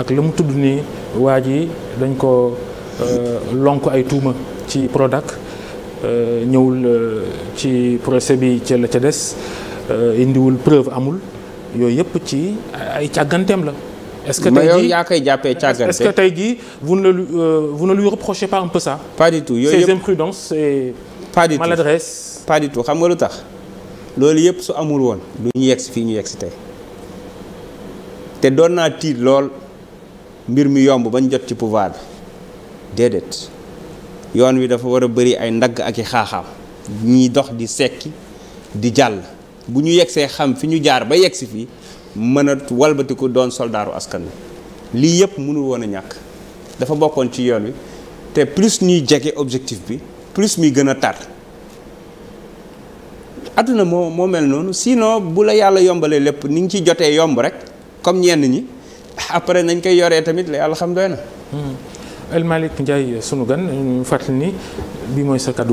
ak lu mu tudd ni waa ji dañ ko euh, lonk ay tuuma ci Prodac euh, ñëwul euh, ci procès bi ca la ca des indiwul preuve amul yooyu yëpp ci ay càgganteem la. est-ce que tey yaa koy jàppee càggante tey jii vous ne lui vous ne lui reprochez pas un peu ça. pas du tout yooyu yëpp ces imprudences pas du tout xam nga lu tax loolu yëpp su amul woon. du ñu yegg si fii ñu yegg tey te doon naa tiit lool. mbir mi yomb bañ jot ci pouvoir bi déedéet yoon wi dafa war a bari ay ndagg ak i xaaxaam ñuy dox di sekki di jàll bu ñu yegsee xam fi ñu jaar ba yegsi fii mën a walbatiku doon soldaaru askan wi lii yëpp mënul woon a ñàkk dafa bokkoon ci yoon wi te plus ñuy jege objectif bi plus muy gën a tar àdduna moo moo mel noonu sinon bu la yàlla yombalee lépp ni ngi ciy jotee yomb rek comme ñenn ñi après nañ koy yoree tamit la yàlla na El Malick Ndiaye sunu gan ñu fàttali ni bi mooy sa kaddu